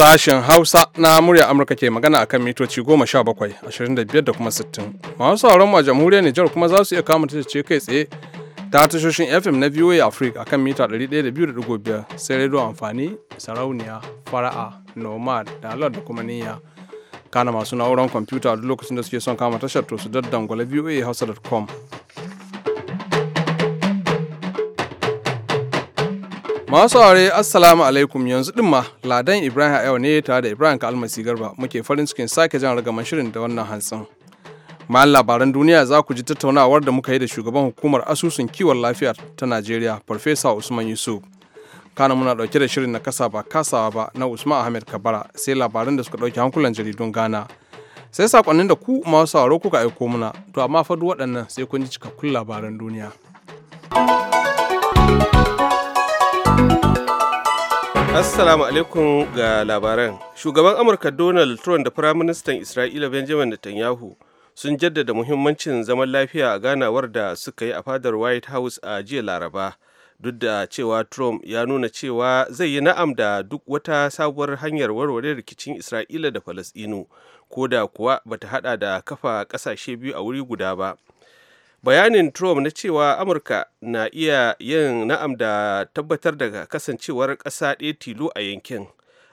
Sashen Hausa na murya Amurka ke magana a kan mitoci 17, da kuma 60. Masu sauran a jamhuriyar Nijar kuma za su iya kama ce kai tsaye ta tashoshin FM na VOA Africa a kan mita 102.5 sai rediyo amfani, sarauniya, fara'a, nomad, dalar da kuma niyya. Kana masu na'urar kwamfuta duk lokacin da suke son kama tashar to su daddangwala hausa.com. Masu aure assalamu alaikum yanzu din ma ladan Ibrahim yau ne tare da Ibrahim ka almasi Garba muke farin cikin sake jan ragaman shirin da wannan hantsin. Bayan labaran duniya za ku ji tattaunawar da muka yi da shugaban hukumar asusun kiwon lafiya ta Najeriya Farfesa Usman Yusuf. Kana muna ɗauke da shirin na kasa ba kasawa ba na Usman Ahmed Kabara sai labaran da suka ɗauki hankulan jaridun Ghana. Sai sakonnin da ku masu sauraro kuka aiko muna to amma fa duk waɗannan sai kun ji cikakkun labaran duniya. Assalamu alaikum ga labaran. Shugaban Amurka Donald Trump da Firaministan Isra'ila Benjamin Netanyahu sun jaddada muhimmancin zaman lafiya a ganawar da suka yi a fadar White House a jiya Laraba. Duk da cewa Trump ya nuna cewa zai yi na'am da duk wata sabuwar hanyar warware rikicin Isra'ila da Falasɗinu, ko da kuwa bata haɗa da kafa ƙasashe biyu a wuri guda ba. bayanin trump na cewa amurka na iya yin na'am da tabbatar da kasancewar ƙasa ɗaya tilo a yankin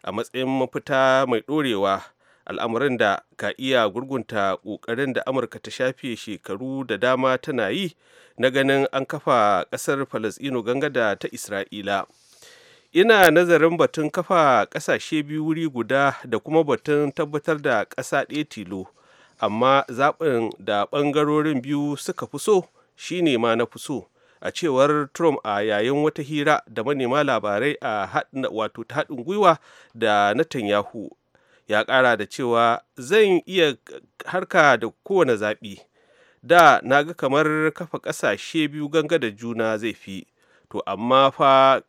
a matsayin mafita mai ɗorewa al'amuran da ka iya gurgunta ƙoƙarin da amurka ta shafe shekaru da dama tana yi na ganin an kafa ƙasar falasɗinu ganga da ta isra'ila ina nazarin batun kafa ƙasashe biyu wuri guda da kuma batun tabbatar da ƙasa ɗaya tilo amma zaɓin da ɓangarorin biyu suka fi so shi ne ma na fi so a cewar trump a yayin wata hira da manema labarai a wato ta haɗin gwiwa da netanyahu ya ƙara da cewa zan iya harka da kowane zaɓi da na ga kamar kafa ƙasashe biyu ganga da juna zai fi to amma fa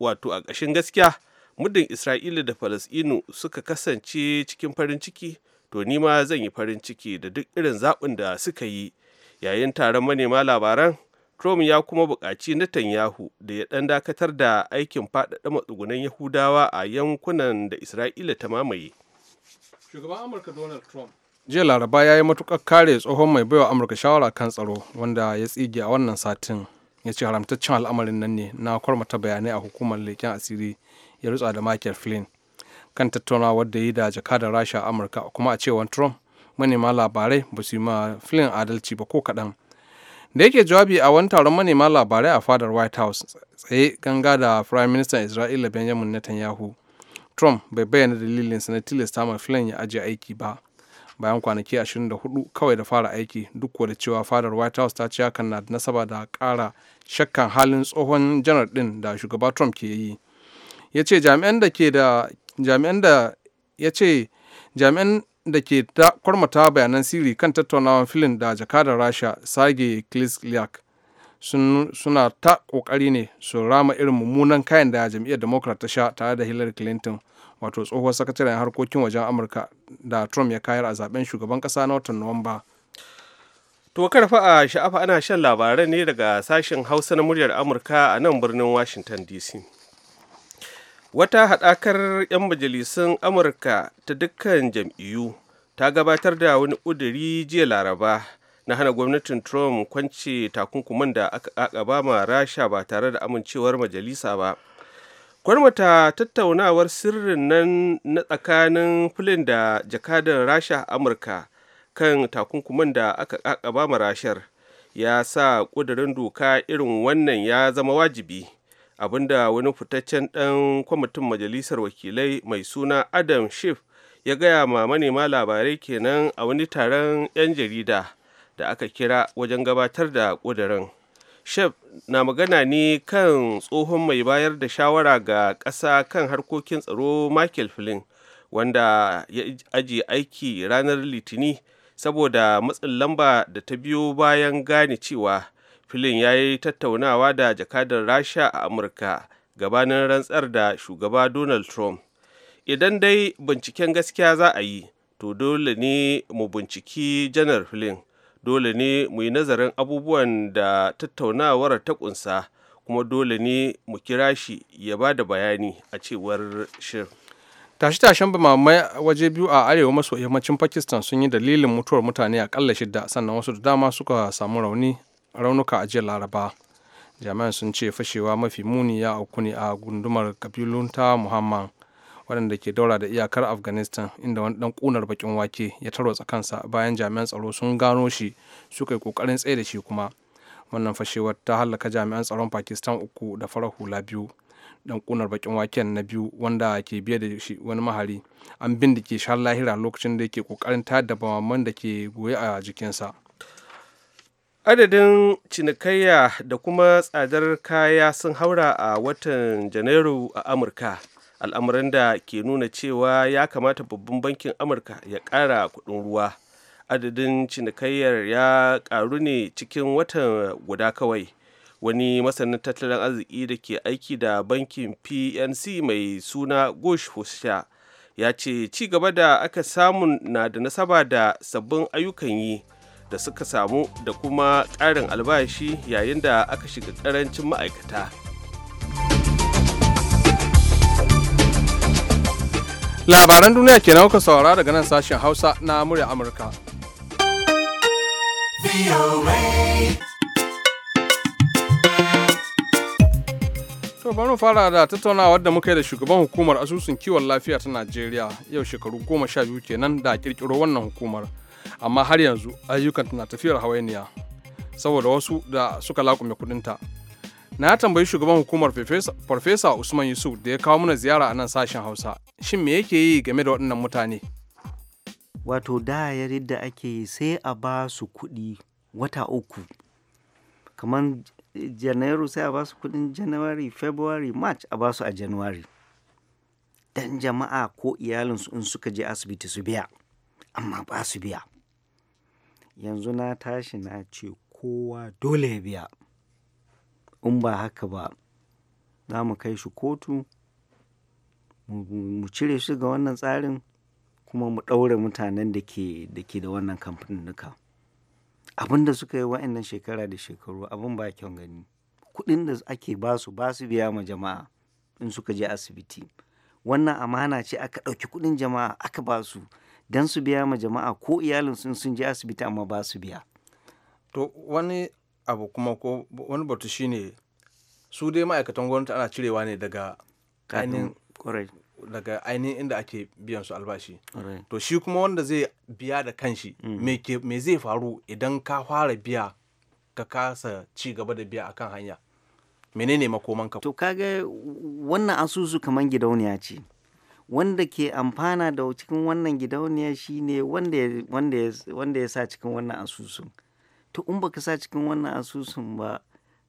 wato a ƙashin gaskiya muddin isra'ila da falasɗinu suka kasance cikin farin ciki to ni ma zan yi farin ciki da duk irin zaɓin da suka yi yayin taron manema labaran trump ya kuma buƙaci netanyahu da ya ɗan dakatar da aikin faɗaɗa matsugunan yahudawa a yankunan da isra'ila ta mamaye shugaban amurka donald trump jiya laraba ya yi matuƙar kare tsohon mai baiwa amurka shawara kan tsaro wanda ya tsige a wannan satin ya ce haramtaccen al'amarin nan ne na kwarmata bayanai a hukumar leƙen asiri ya rutsa da michael flynn kan tattaunawar da yi da jakadar rasha amurka kuma a cewar trump manema labarai ba su yi ma filin adalci ba ko kaɗan da yake jawabi a wani taron manema labarai a fadar white house tsaye ganga da prime minister isra'ila benjamin netanyahu trump bai bayyana dalilinsa na tilasta ma filin ya ajiye aiki ba bayan kwanaki 24 kawai da fara aiki duk da cewa fadar white house ta ce hakan na da nasaba da kara shakkan halin tsohon janar din da shugaba trump ke yi ya ce jami'an da ke da jami'an da ya ce jami'an da ke ta kwarmata bayanan sirri kan tattaunawar filin da jakadar rasha sage klisliak suna ta kokari ne su rama irin mummunan kayan da jam'iyyar democrat ta sha tare da hillary clinton wato tsohuwar sakataren harkokin wajen amurka da trump ya kayar a zaben shugaban kasa na watan nuwamba to karfa a sha'afa ana shan labarai ne daga sashen hausa na muryar amurka a nan birnin washington dc wata haɗakar 'yan majalisun amurka ta dukkan jam'iyyu ta gabatar da wani ƙuduri jiya laraba na hana gwamnatin trump kwance takunkuman da aka ba ma rasha ba tare da amincewar majalisa ba kwarmata tattaunawar sirrin nan na tsakanin filin da jakadan rasha amurka kan takunkuman da aka ba ma rashar ya sa ƙudurin doka irin wannan ya zama wajibi abinda wani fitaccen ɗan kwamitin majalisar wakilai mai suna adam shif ya gaya ma manema labarai kenan a wani taron 'yan jarida da aka kira wajen gabatar da ƙudurin shef na magana ne kan tsohon mai bayar da shawara ga ƙasa kan harkokin tsaro michael flynn wanda ya ajiye aiki ranar litini saboda matsin lamba da ta biyo bayan gane cewa filin ya yi tattaunawa da jakadar rasha a amurka gabanin rantsar da shugaba donald trump idan dai binciken gaskiya za a yi to dole ne mu binciki janar filin dole ne mu yi nazarin abubuwan da tattaunawar ta kunsa kuma dole ne mu kira shi ya ba da bayani a cewar shir tashe-tashen ba mamaye waje biyu a arewa maso yammacin pakistan sun yi dalilin mutuwar mutane akalla shida sannan wasu da dama suka samu rauni raunuka a jiya laraba jami'an sun ce fashewa mafi muni ya auku ne a gundumar kabilun ta muhammad waɗanda ke daura da iyakar afghanistan inda wani ɗan ƙunar bakin wake ya tarwatsa kansa bayan jami'an tsaro sun gano shi suka yi ƙoƙarin tsaye da shi kuma wannan fashewar ta hallaka jami'an tsaron pakistan uku da farar hula biyu ɗan ƙunar bakin waken na biyu wanda ke biye da shi wani mahari an bindike shi har lahira lokacin da yake kokarin tada bamaman da ke goye a jikinsa adadin cinikayya da kuma tsadar kaya sun haura a watan janairu a amurka al'amuran da ke nuna cewa ya kamata babban bankin amurka ya ƙara kuɗin ruwa adadin cinikayyar ya ƙaru ne cikin watan guda kawai wani masanin tattalin arziki da ke aiki da bankin pnc mai suna gosh husha ya ce ci gaba da aka samu na da nasaba da sabbin ayyukan yi da suka samu da kuma ƙarin albashi yayin da aka shiga ƙarancin ma'aikata. Labaran duniya ke kuka saurara daga nan sashen Hausa na murya Amurka. To bari mu fara da tattaunawar da muka yi da shugaban hukumar asusun kiwon lafiya ta Najeriya yau shekaru goma sha biyu kenan da kirkiro wannan hukumar. amma har yanzu ayyukanta na tafiyar hawainiya saboda wasu da suka lakume kudinta na tambayi shugaban hukumar farfesa usman yusuf da ya kawo mana ziyara a nan sashen hausa shin me yake yi game da waɗannan mutane wato da da ake sai a ba su kuɗi wata uku kamar janairu sai a ba su kuɗin january february march a ba su a january dan jama'a ko iyalinsu in suka je asibiti su biya amma ba su biya yanzu na tashi na ce kowa dole ya biya in ba haka ba za mu kai shi kotu mu cire shi ga wannan tsarin kuma mu ɗaure mutanen da ke da wannan kamfanin wannan kamfaninnuka abin da suka yi wa'annan shekara da shekaru abin ba kyan gani kuɗin da ake basu basu biya ma jama'a in suka je asibiti wannan amana ce aka ɗauki kuɗin jama'a aka ba su. don su biya ma jama'a ko iyalinsu sun je asibiti amma ba su biya to wani abu kuma ko wani batu shine su dai ma'aikatan gwamnati ana cirewa ne daga ainihin daga ainihin inda ake biyan su albashi to shi kuma wanda zai biya da kanshi mm. me zai faru idan ka fara biya ka kasa ci gaba da biya akan hanya menene makomanka to kaga wannan asusu kamar gidauniya ce wanda ke amfana da cikin wannan gidauniya shine wanda ya sa cikin wannan asusun to in baka sa cikin wannan asusun ba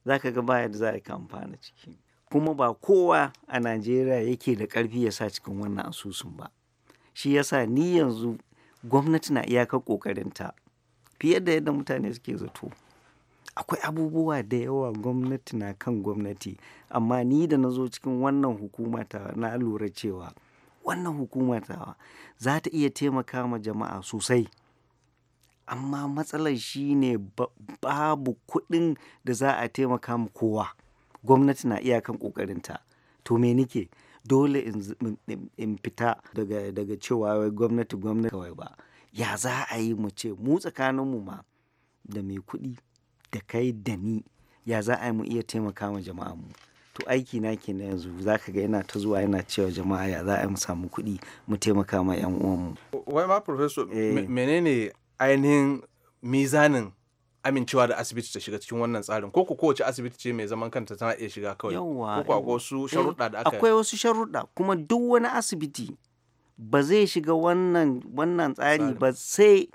za ka ga baya da za ka amfana ciki kuma ba kowa a najeriya yake da karfi ya sa cikin wannan asusun ba shi yasa ni yanzu gwamnati na iyakar ƙoƙarinta fiye da yadda mutane suke zato akwai abubuwa da yawa gwamnati na kan gwamnati amma ni da na zo cikin wannan hukuma ta na lura cewa wannan hukumar tawa za ta iya taimaka ma jama'a sosai amma matsalar shi ne babu kuɗin da za a taimaka ma kowa gwamnati na iyakan ƙoƙarinta to me nike dole in fita daga cewa gwamnati gwamnati kawai ba ya za a yi mu ce mu tsakaninmu ma da mai kuɗi da kai da ni ya za a yi mu iya taimaka ma mu. to aiki na ke na yanzu za ka ga yana ta zuwa yana cewa jama'a ya za a mu samu kuɗi mu taimaka ma yan mu. wai ma professor eh. menene ainihin mizanin amincewa da asibiti ta shiga cikin wannan tsarin ko kowace asibiti ce mai zaman kanta tana iya shiga kawai ko akwai wasu eh, sharuɗa da aka akwai wasu sharuɗa kuma duk wani asibiti ba zai shiga wannan wannan tsari ba sai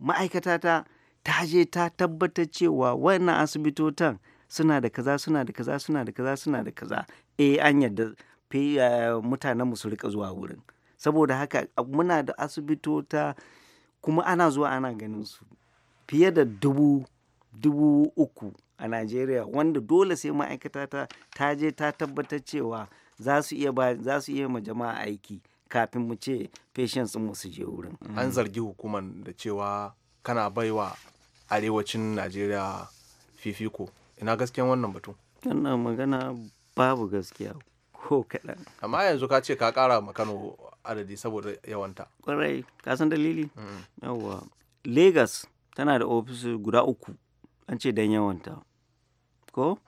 ma'aikata ta ta je ta tabbatar cewa wannan asibitotan suna da kaza suna da kaza suna da kaza suna da kaza eh an yadda eh, mutanen mu su rika zuwa wurin saboda haka muna da asibitota kuma ana zuwa ana ganin su fiye da dubu dubu uku a Najeriya wanda dole sai ma'aikata ta ta je ta tabbatar cewa za su iya ba za su iya ma jama'a aiki kafin mu ce patients mu su je wurin an mm. zargi hukumar da cewa kana baiwa arewacin Najeriya fifiko ina gaskiyan wannan batu wannan magana babu gaskiya ko kaɗan amma yanzu ka ce ka ƙara ma kano adadi saboda yawanta ƙwarai ka san dalili yawa lagos tana da ofis guda uku an ce don yawanta ko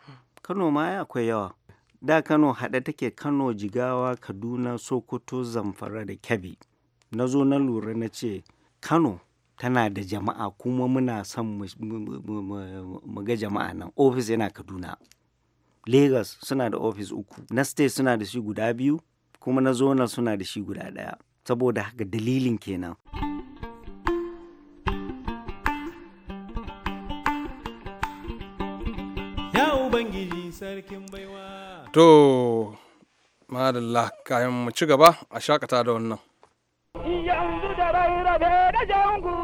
kano ma ya akwai yawa da kano haɗe take kano jigawa kaduna sokoto zamfara da kebbi na zo na lura na ce kano tana da jama'a kuma muna son mu ga jama'a nan ofis yana kaduna lagos suna da ofis uku na state suna da shi guda biyu kuma na zonal suna da shi guda ɗaya saboda haka dalilin kenan to madalla kayan mu ci gaba a shakata da wannan yanzu da rairabe da jangu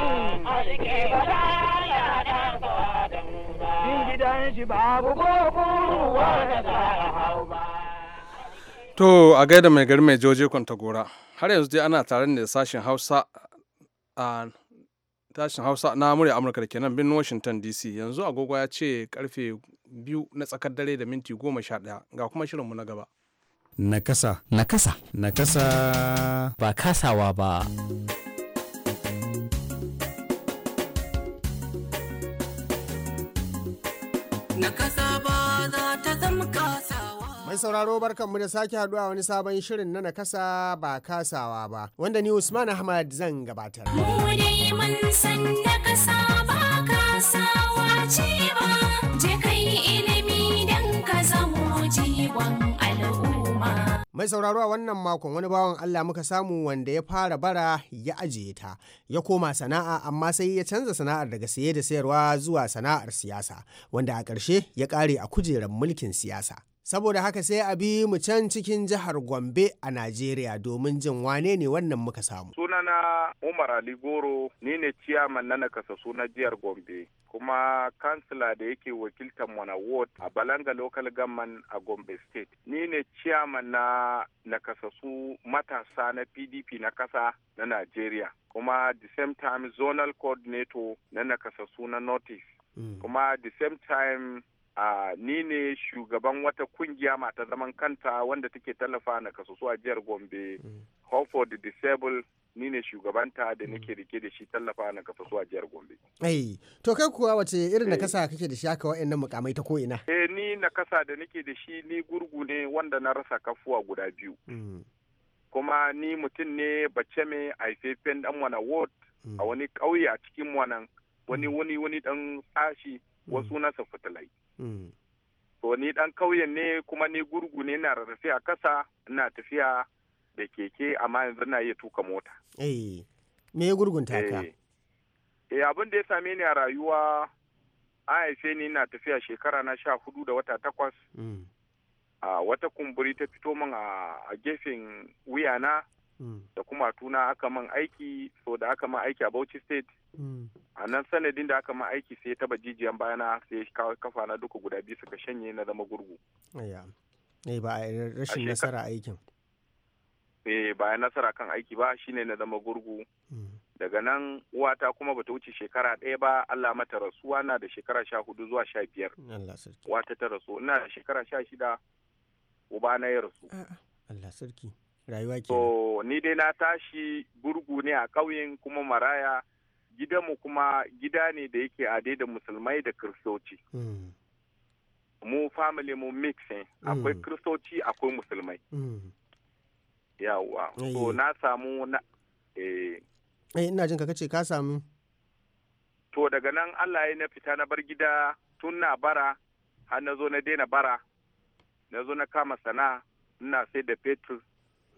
To a gaida mai gari mai joje gora har yanzu dai ana tare da sashen Hausa a tashin Hausa na murya Amurka da kenan birnin Washington DC yanzu agogo ya ce karfe biyu na tsakar dare da minti goma sha ɗaya ga kuma shirinmu na gaba. Nakasa. Nakasa. Nakasa. Ba kasawa ba. na kasa ba za ta zama kasawa. Mai sauraro barkanmu da sake haduwa wani sabon shirin na nakasa ba kasawa ba wanda ni Usman Ahmad zan gabatar. Mu dai mun Mai sauraro a wannan makon wani bawan Allah muka samu wanda ya fara bara ya ajiye ta, ya koma sana'a amma sai ya canza sana'ar daga saye da sayarwa zuwa sana'ar siyasa, wanda a ƙarshe ya ƙare a kujerar mulkin siyasa. Saboda haka sai a bi mu can cikin jihar Gombe a Najeriya domin jin wane ne wannan muka samu. Sunana Umar Ali Goro ni ne ciyaman na nakasassu na jihar Gombe kuma kansila da yake wakiltar mana ward a Balanga Local Government a Gombe State. Ni ne ciyaman na su matasa na PDP na kasa na Najeriya. kuma the same time zonal coordinator na su na notice mm. kuma the same time a ni ne shugaban wata kungiya mata zaman kanta wanda take tallafa na kasusu a jihar Gombe, mm. Hope for the Disabled ni ne shugabanta da mm. nake rike da shi tallafa na kafa a jihar Gombe. Eh, to kai kuwa wace irin eh. na kasa kake da shi haka wa'annan mukamai ta ko'ina? Eh, ni na kasa da nake da shi ni gurgu ne wanda na rasa kafuwa guda biyu. Mm. Kuma ni mutum ne bace mai haifafen dan wana ward a wani ƙauye a cikin wannan wani wani wani dan sashi wasu mm. na fitilai. Mm. to ni dan kauyen ne kuma ni gurgu ne na rarrafe a kasa na tafiya da keke amma yanzu na iya tuka mota eh me ya gurgunta ka eh, eh abin da ya same ni a rayuwa an haife ni na tafiya shekara na sha hudu da wata takwas mm. a ah, wata kumburi ta fito min a gefen wuyana Mm. da kuma tuna aka man aiki so da aka man aiki a Bauchi state mm. a nan sanadin da aka man aiki sai taba jijiyan bayana sai kafa na duka guda biyu suka shanye na zama gurgu ne eh, ba a rashin nasara aikin eh ba nasara kan aiki ba shine na zama gurgu mm. daga nan uwata kuma bata wuce shekara ɗaya ba Allah mata rasuwa na da shekara sha hudu zuwa sha biyar uwata ta rasu ina da shekara sha shida uba na ya rasu Allah sarki rayuwa ke to ni dai na tashi burgu ne a ƙauyen kuma maraya gidanmu kuma gida ne da yake adai da musulmai da kiristoci mm. mu family mu mix ne akwai mm. kristoci akwai musulmai mm. yawwa so eh. na samu na eh. eh ina jin ka kace ka samu to daga nan Allah ya na fita na bar gida tun na bara har na zo na daina bara na zo na kama sana'a ina sai da petrus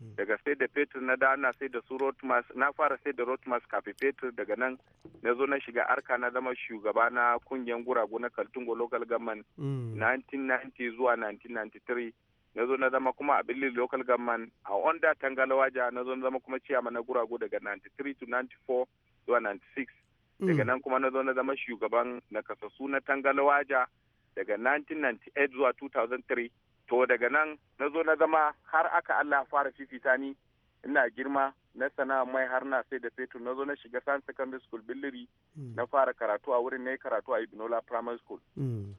Mm. daga sai da fetur na da ana sai da su rotmas na fara sai da rotmas kafin fetur daga nan na zo na shiga arka na zama shugaba na kungiyar guragu na kaltungo local government 1990 mm. zuwa 1993 na zo na zama kuma a billi local government a onda tangalawaja na zo na zama kuma ciyama na guragu daga 93 to 94 zuwa 96 mm. daga nan kuma na zo na zama shugaban na kasasu na tangalawaja daga 1998 zuwa 2003 to daga nan na zo na zama har aka Allah fara fifita ni ina girma na sana'a mai har na sai da fetur na zo na shiga san secondary school billiri hmm. na fara karatu a wurin na yi karatu a ibnola primary school hmm.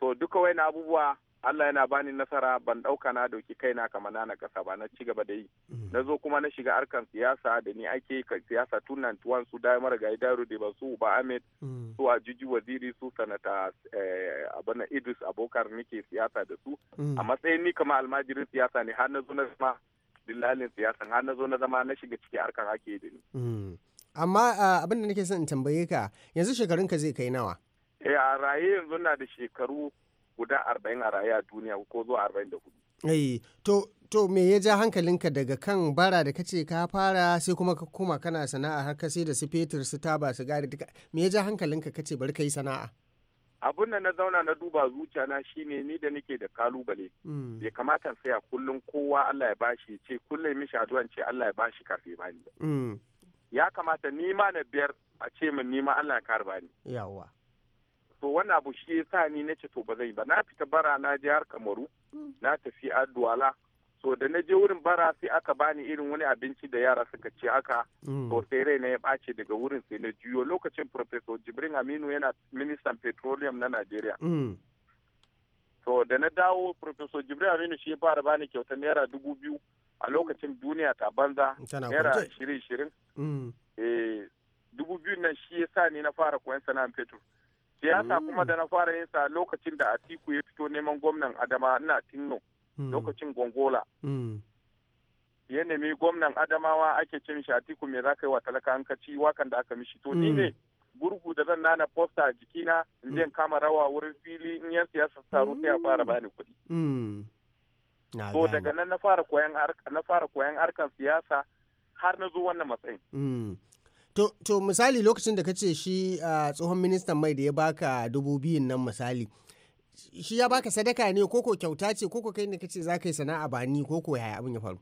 so duka wani abubuwa Allah yana bani nasara ban ɗauka na doki kaina kamar na kasa ba na ci gaba da yi. Mm. Na zo kuma na shiga harkan siyasa da ni ake yi siyasa tun nan tuwan su da mara gayi daro da ba su ba Ahmed mm. su a jiji waziri su sanata eh, abana Idris Abokar nake siyasa da su. Mm. A matsayin ni kamar almajirin siyasa ne har na zo na zama dillalin siyasa har na zo na zama na shiga ciki harkan ake da ni. Amma ah, abin da nake son in tambaye ka yanzu ka zai kai nawa? Eh a raye yanzu na da shekaru guda arba'in a raye a duniya ko zuwa arba'in da hudu. Eh, to to me ya ja hankalinka daga kan bara da kace ka fara sai kuma ka koma kana sana'a har ka sai da su fetur su taba su gari duka me ya ja hankalinka kace bari yi sana'a. abun da na zauna na duba zuciya na shine ni da nake da kalubale hmm. bai kamata saya kullum kowa Allah ya bashi ce kullum mishi addu'a ce Allah ya bashi kafe bani hmm. ya kamata ni ma na biyar a ce min ni ma Allah ya kare bani yawa to wani abu shi ya sa ni na ce to ba zai ba na fita bara na je har kamaru mm. na tafi adduala so da na je wurin bara sai aka bani irin wani abinci da yara suka ci haka mm. to sai rai na ya bace daga wurin sai na juyo lokacin professor jibrin aminu yana ministan petroleum na nigeria mm. to da na dawo professor jibrin aminu shi ya fara bani kyautar naira dubu biyu a lokacin duniya ta banza naira ashirin shirin eh, dubu biyu nan shi ya sa ni na fara koyon sana'ar fetur siyasa mm. kuma da na fara yin sa lokacin da atiku ya fito neman gwamnan adama ina tinno mm. lokacin gongola mm. ya nemi gwamnan adamawa ake cin shi atiku me za ka yi wa talaka an kaci wakan da aka mishi to ni ne gurgu da zan nana posta a jikina in je kama rawa wurin fili in yan siyasa taro sai a fara bani kuɗi. to daga nan na fara koyan harkan siyasa har na zo wannan matsayin. To, to misali lokacin da ka ce shi ah, tsohon ministan mai da ya baka dubu biyun nan misali shi ya baka sadaka ne koko kyauta ce koko kai ne ka ce za ka yi sana'a ba ni koko yaya abin ya faru.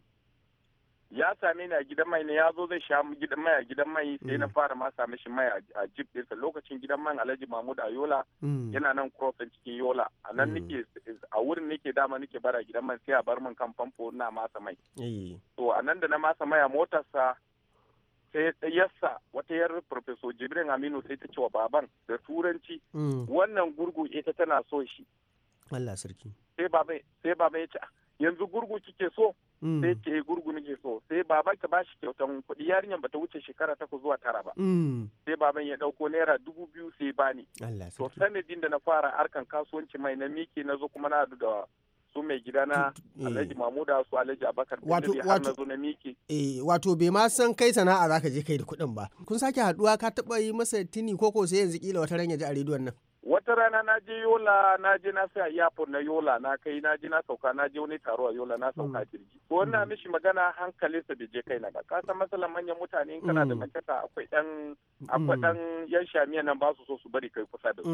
Ya same ni a gidan mai ne ya zo zai sha gidan mai a gidan mai sai na mm. fara ma same shi mai a jip ɗinsa lokacin gidan man Alhaji Mahmud a Yola mm. yana nan crossing cikin Yola a nan mm. nike a wurin nike dama nike bara gidan man sai a bar min kan famfo na masa mai. Eh. To a nan da na masa mai a motarsa sai eh, eh, yassa wata yar Profesor jibrin aminu sai ta ce wa baban da turanci mm. wannan gurgu ita tana so shi Allah sarki sai baba ya ce ah, yanzu gurgu kike so mm. sai ce eh, gurgu nake so sai baban ta shi kyautan kuɗi yarinyar ta wuce shekara takwas zuwa tara ba mm. sai baban ya ɗauko naira dubu biyu sai bani to sanadin da na fara harkan kasuwanci mai na miki na zo kuma na da su mai gidana alhaji eh. mamuda su alhaji abakar wato wato na miki eh wato bai ma san kai sana'a zaka je kai da kuɗin ba kun sake haduwa ka taba yi masa tini ko sai yanzu kila wata ran ji a rediyon nan wata rana na je yola na je na sai airport na yola na kai na je na sauka na je wani taro a yola na sauka mm. jirgi ko wannan mm. mishi magana hankalinsa bai je kai na ba ka san matsalan manyan mutane in kana da makata mm. akwai dan akwai dan yan shamiyan nan ba su so su bari kai kusa da su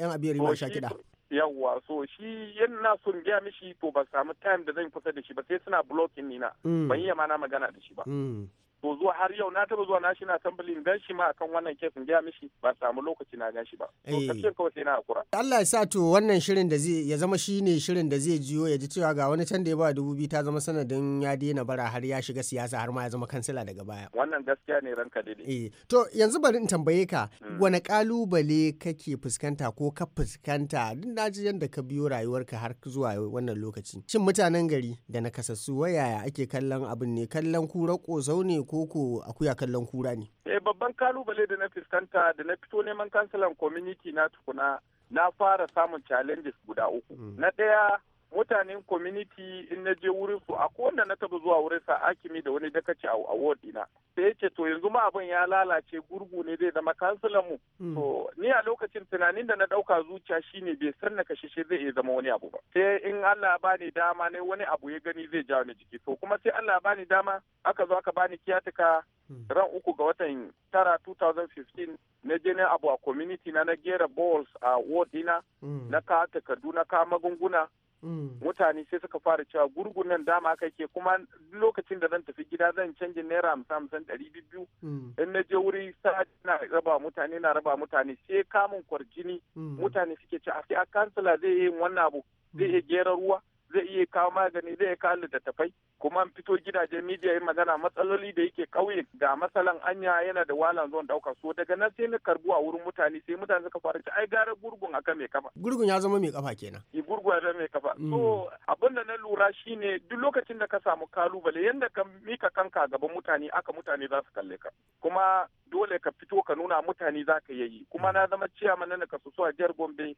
yan abiyar ma sha kida yawwa so shi yana son biya mishi to ba samu time da zan kusa da shi ba sai suna blocking na mm. ban iya ma na magana da shi ba mm. to zuwa har yau na taba zuwa national assembly gan shi ma akan wannan in gaya mishi ba samu lokaci na gan ba to eh. kace kawai sai na hakura Allah ya sa to wannan shirin da zai ya zama shine shirin da zai jiyo ya ji cewa ga wani can da ya ba dubu biyu ta zama sanadin ya daina bara har ya shiga siyasa har ma ya zama kansila daga baya wannan gaskiya ne ranka daidai eh to yanzu bari in tambaye ka hmm. wani kalubale kake fuskanta ko ka fuskanta duk na ji yadda ka biyo rayuwarka har zuwa wannan lokaci shin mutanen gari da na nakasassu wayaya ake kallon abin ne kallon kura kosau zaune. koko akuya kallon kura ne eh babban kalubale da na fuskanta da na fito neman kansalan community na tukuna na fara samun challenges guda uku mm. na ɗaya mutanen community in na je wurin su a kowanne na taba zuwa wurin sa akimi da wani dakaci a award ɗina sai yace to yanzu ma abin ya lalace gurgu ne zai zama kansilan mu mm. to lokacin tunanin da na ɗauka zuciya shine bai san na kashe zai iya zama wani abu ba sai in Allah ba ni dama ne wani abu ya gani zai jawo ni jiki to kuma sai Allah ba ni dama aka zo aka bani kiyatuka hmm. ran uku ga watan tara 2015 na je abu a community na na gera balls a ward dina hmm. na ka takardu na ka magunguna Mm. mutane sai suka fara cewa gurgun nan dama aka kuma lokacin da zan tafi gida zan canjin naira hamsin hamsin ɗari biyu mm. in na je wuri sa'ad na raba mutane na raba mutane sai kamun kwarjini mm. mutane suke ce a a kansila zai yi wannan abu zai iya gera ruwa zai iya kawo magani zai kawo littattafai kuma an fito gidaje midiya yin magana matsaloli da yake kauye da masalan anya yana da walan zuwan dauka so daga nan sai na karbu a wurin mutane sai mutane suka fara ai gara gurgun akan mai kafa gurgun ya zama mai kafa kenan i gurgun ya zama mai kafa so mm. abin da na lura shine duk lokacin da ka samu kalubale yanda ka mika kanka gaban mutane aka mutane za su kalle ka kuma dole ka fito ka nuna mutane za ka yi kuma mm. na zama ciyaman na kasu a jihar gombe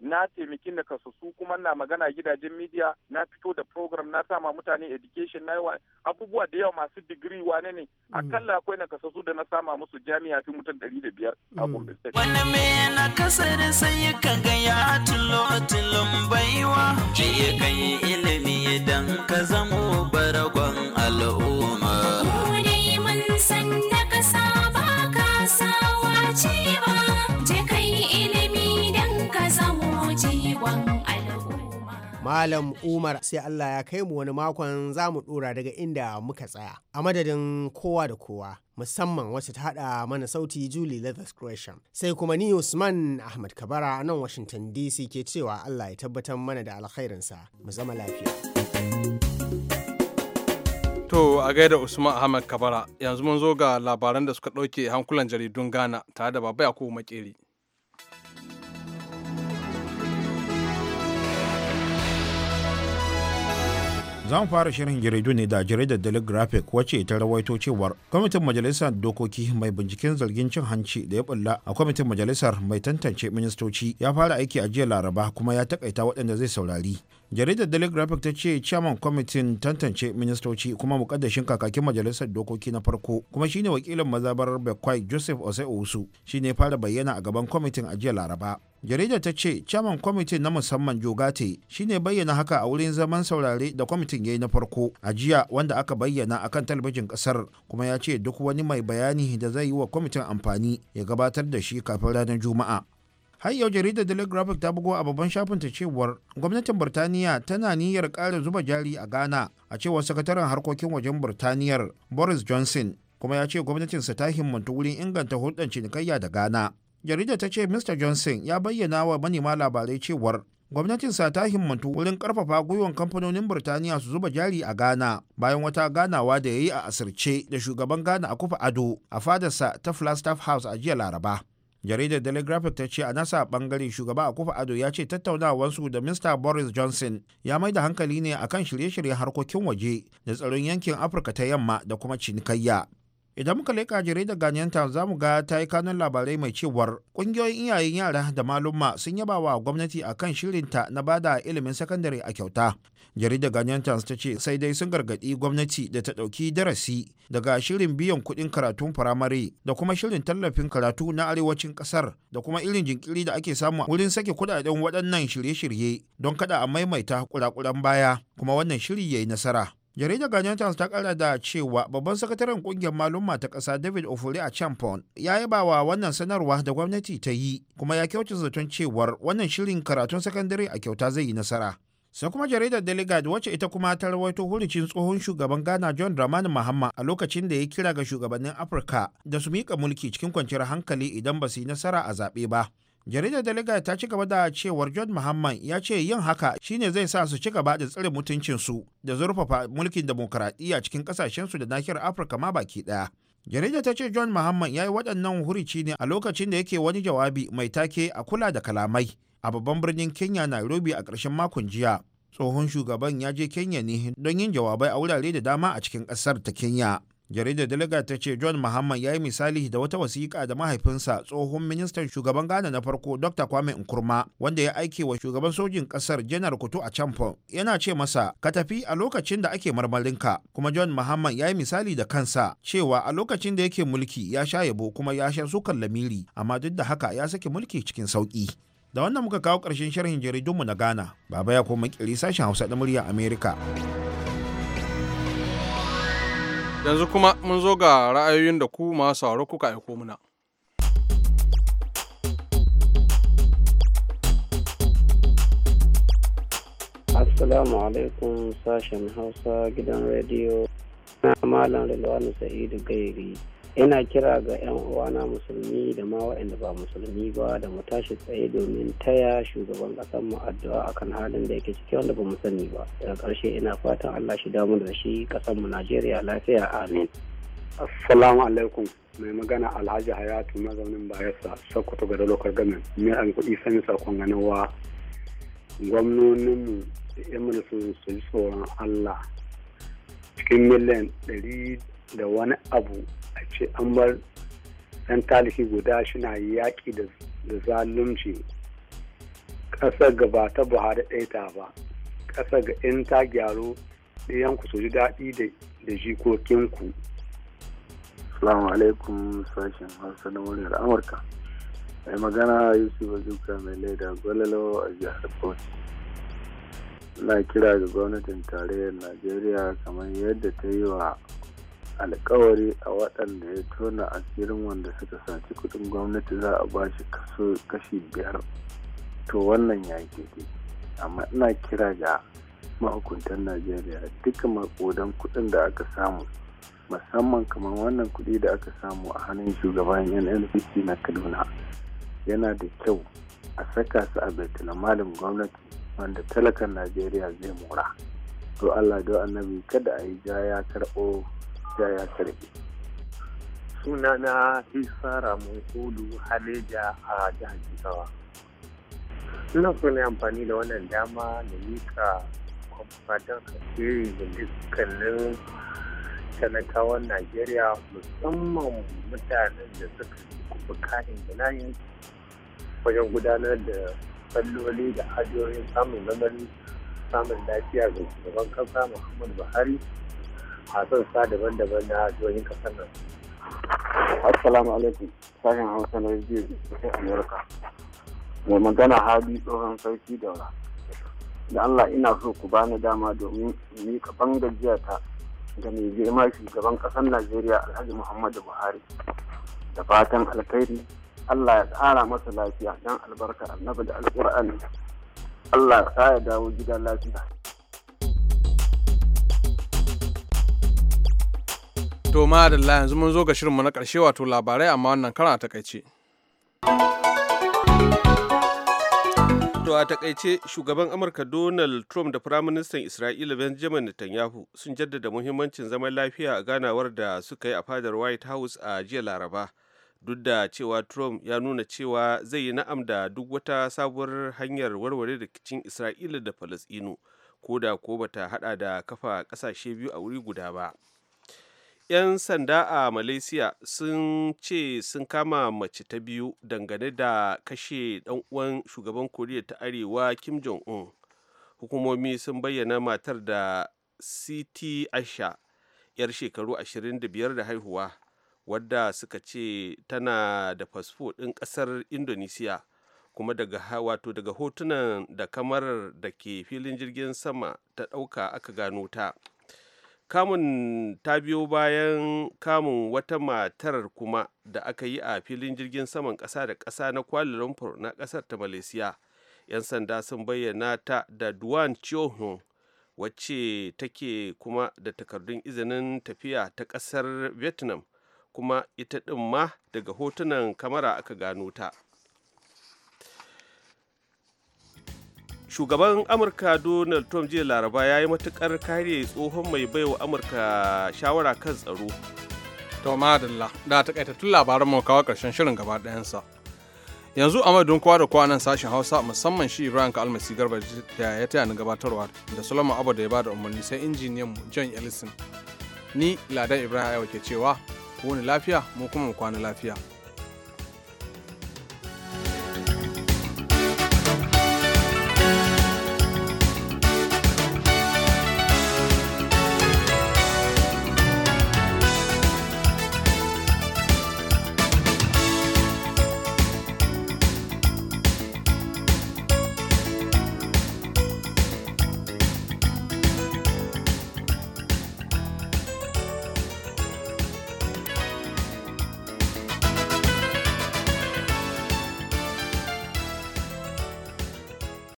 na taimaki na kuma na magana gidajen media na fito da program na sama mutane education na yawa abubuwa da yawa masu digiri wane ne mm. akalla akwai na da na sama musu jami'a fi mutum ɗari da biyar a mm. Gombe State. Wani me na da sai ka gaya ya tulo tulon baiwa ya kai ilimi idan ka zamo baragon al'umma. Mu dai mun san na kasa ba. Malam Umar sai Allah ya kai mu wani makon za mu ɗora daga inda muka tsaya. A madadin kowa da kowa, musamman wacce ta haɗa mana sauti Julie Leathers Gresham. Sai kuma ni Usman Ahmad Kabara a nan Washington DC ke cewa Allah ya tabbatar mana da alkhairinsa. Mu zama lafiya. To a gaida Usman Ahmad Kabara yanzu mun zo ga labaran da suka ɗauke hankulan jaridun Ghana tare da Baba Yakubu Makeri. za mu fara shirin jaridu ne da jaridar daily graphic wacce ta rawaito cewar kwamitin majalisar dokoki mai binciken zargin cin hanci da ya bulla a kwamitin majalisar mai tantance ministoci ya fara aiki a jiya laraba kuma ya takaita waɗanda zai saurari jaridar daily graphic ta ce chairman kwamitin tantance ministoci kuma mukaddashin kakakin majalisar dokoki na farko kuma shine wakilin mazabar bekwai joseph osei owusu shine fara bayyana a gaban kwamitin a laraba jaridar ta ce chairman kwamitin na musamman jogate shine bayyana haka a wurin zaman saurare da kwamitin ya yi na farko a jiya wanda aka bayyana akan talabijin kasar kuma ya ce duk wani mai bayani da zai yi wa kwamitin amfani ya gabatar da shi kafin ranar juma'a har yau jaridar telegraphic ta bugo a babban shafin ta cewar gwamnatin birtaniya tana niyyar ƙara zuba jari a ghana a cewar sakataren harkokin wajen birtaniyar boris johnson kuma ya ce gwamnatinsa ta himmatu wurin inganta hulɗar cinikayya da ghana jaridar ta ce mr johnson ya bayyana wa manema labarai cewar gwamnatinsa ta himmantu wurin karfafa gwiwan kamfanonin birtaniya su zuba jari a ghana bayan wata ganawa da ya yi a asirce da shugaban ghana a kufa ado a fadarsa ta flastaff house a jiya laraba jaridar telegraphic ta ce a nasa bangare shugaba a kufa ado ya ce tattaunawarsu da mr boris johnson ya mai da hankali ne akan shirye-shiryen harkokin waje da tsaron yankin afirka ta yamma da kuma cinikayya idan muka leƙa jaridar ganyen ta za mu ga ta yi kanun labarai mai cewar ƙungiyoyin iyayen yara da malumma sun yaba wa gwamnati a kan shirinta na bada ilimin sakandare a kyauta jaridar ganyen ta ce sai dai sun gargaɗi gwamnati da ta ɗauki darasi daga shirin biyan kuɗin karatun firamare da kuma shirin tallafin karatu na arewacin ƙasar da kuma irin jinkiri da ake samu wurin sake kuɗaɗen waɗannan shirye-shirye don kada a maimaita kurakuran baya kuma wannan shiri ya yi nasara jaridar Ghanaian Times ta kara da cewa babban sakataren kungiyar maluma ta ƙasa David Ofori a Champon ya yaba wa wannan sanarwa da gwamnati ta yi kuma ya kyauta zaton cewar wannan shirin karatun sakandare a kyauta zai yi nasara. Sai kuma jaridar Delegate wacce ita kuma ta rawaito hurucin tsohon shugaban Ghana John Dramani Mahama a lokacin da ya kira ga shugabannin Afirka da su miƙa mulki cikin kwanciyar hankali idan ba su yi nasara a zaɓe ba. jaridar daliga ta ci gaba da cewar john muhammad ya ce yin haka shine zai sa su ci gaba da tsare su da zurfafa mulkin demokaradiyya cikin kasashensu da nahiyar afirka ma baki daya jaridar ta ce john muhammad ya yi waɗannan hurici ne a lokacin da yake wani jawabi mai take a kula da kalamai a babban birnin kenya nairobi a ƙarshen makon jiya tsohon shugaban ya je kenya ne don yin jawabai a wurare da dama a cikin ƙasar ta kenya jaridar dalaga ta ce john muhammad ya yi misali da wata wasiƙa da mahaifinsa tsohon ministan shugaban ghana na farko dr kwame nkrumah wanda ya aike wa shugaban sojin ƙasar janar kutu a champo yana ce masa ka tafi a lokacin da ake marmarinka kuma john muhammad ya yi misali da kansa cewa a lokacin da yake mulki ya sha yabo kuma ya sha sukan lamiri amma duk da haka ya sake mulki cikin sauƙi da wannan muka kawo ƙarshen sharhin jaridunmu na ghana baba ya koma kiri sashen hausa da murya america Yanzu kuma mun zo ga ra'ayoyin da ku masu sauro kuka aiko muna. Assalamu alaikum sashen Hausa gidan rediyo na Malam Rilwani Sa'idu Gairi. ina kira ga 'yan uwana musulmi da ma waɗanda ba musulmi ba da mu tashi tsaye domin taya shugaban ƙasar mu addu'a akan halin da yake ciki wanda ba mu sani ba daga ƙarshe ina fatan Allah shi damu da shi ƙasar mu Najeriya lafiya amin assalamu alaikum mai magana alhaji hayatu mazaunin bayelsa sokoto ga dalokar gamin mai an kuɗi sani sakon ganin wa gwamnoninmu da yan mulkin su ji tsoron allah cikin miliyan ɗari da wani abu ce an bar ɗan talihi guda shina yaƙi da zalunci ƙasar ga ba ta buhari ɗaya ta ba ƙasar ga in ta gyaru ɗiyanku su ji daɗi da jikokinku salamu alaikum sashen Hausa na muryar Amurka. Mai magana Yusuf Azuka mai laida gwalalo a jihar Bauchi. Na kira ga gwamnatin tarayyar Najeriya kamar yadda ta yi wa alkawari a waɗanda ya tona asirin wanda suka saci kudin gwamnati za a ba shi kaso kashi biyar to wannan ya ke amma ina kira ga mahukuntan najeriya duka makodan kudin da aka samu musamman kamar wannan kudi da aka samu a hannun shugaban nnpc na kaduna yana da kyau a saka su a malin gwamnati wanda talakan najeriya zai mora to allah da annabi kada a yi ja ya karɓo da ya karbi suna na isa ramu kulu haleja a jihar jigawa ina so na amfani da wannan dama da mika kwamfatan kasiri da dukkanin talakawan najeriya musamman mutanen da suka kuma kayan janayin wajen gudanar da falloli da hajjoyin samun lamarin samun lafiya ga shugaban kasa muhammadu buhari a sassa daban-daban na jihohin kasar nan. Assalamu alaikum, sashen Hausa na Rediyo ta Amurka. Mai magana hali tsohon sarki daura. Da Allah ina so ku bani dama domin bangar gajiya ta ga mai girma shugaban ƙasar Najeriya Alhaji Muhammadu Buhari. Da fatan alkhairi Allah ya tsara masa lafiya don albarka annabi da alƙur'ani. Allah ya dawo gida lafiya. To madalla yanzu mun zo ga shirinmu na karshe wato labarai amma wannan karan a takaice. To a takaice shugaban Amurka Donald Trump da Firaministan Isra'ila Benjamin Netanyahu sun jaddada muhimmancin zaman lafiya a ganawar da suka yi a fadar White House a jiya Laraba. Duk da cewa Trump ya nuna cewa zai yi na'am da duk wata sabuwar hanyar warware rikicin Isra'ila da Falasɗinu, ko da ko bata hada da kafa kasashe biyu a wuri guda ba. 'yan sanda a malaysia sun ce sun kama mace ta biyu dangane da kashe dan uwan shugaban koriya ta arewa kim jong-un hukumomi sun bayyana matar da ct asha yar shekaru 25 da haihuwa wadda suka ce tana da fasfo ɗin ƙasar indonesia kuma daga wato daga hotunan da kamar da ke filin jirgin sama ta ɗauka aka gano ta. kamun ta biyo bayan kamun wata matar kuma da aka yi a filin jirgin saman ƙasa da ƙasa na Kuala Lumpur na ƙasar ta Malaysia. 'Yan sanda sun bayyana ta da Duan Chiohun wacce take kuma da takardun izinin tafiya ta ƙasar Vietnam kuma ita ɗin ma daga hotunan kamara aka gano ta. shugaban amurka donald trump jiya laraba ya yi matukar kare tsohon mai baiwa amurka shawara kan tsaro to madalla da takaitattun labaran mu kawo karshen shirin gaba ɗayansa yanzu a madadin kowa da kwanan sashen hausa musamman shi ibrahim ka almasi garba da ya taya ni gabatarwa da solomon abu da ya da umarni sai injiniyan mu john ellison ni ladan ibrahim ayawa ke cewa ku wani lafiya mu kuma mu kwana lafiya